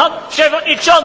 Pan przewodniczący!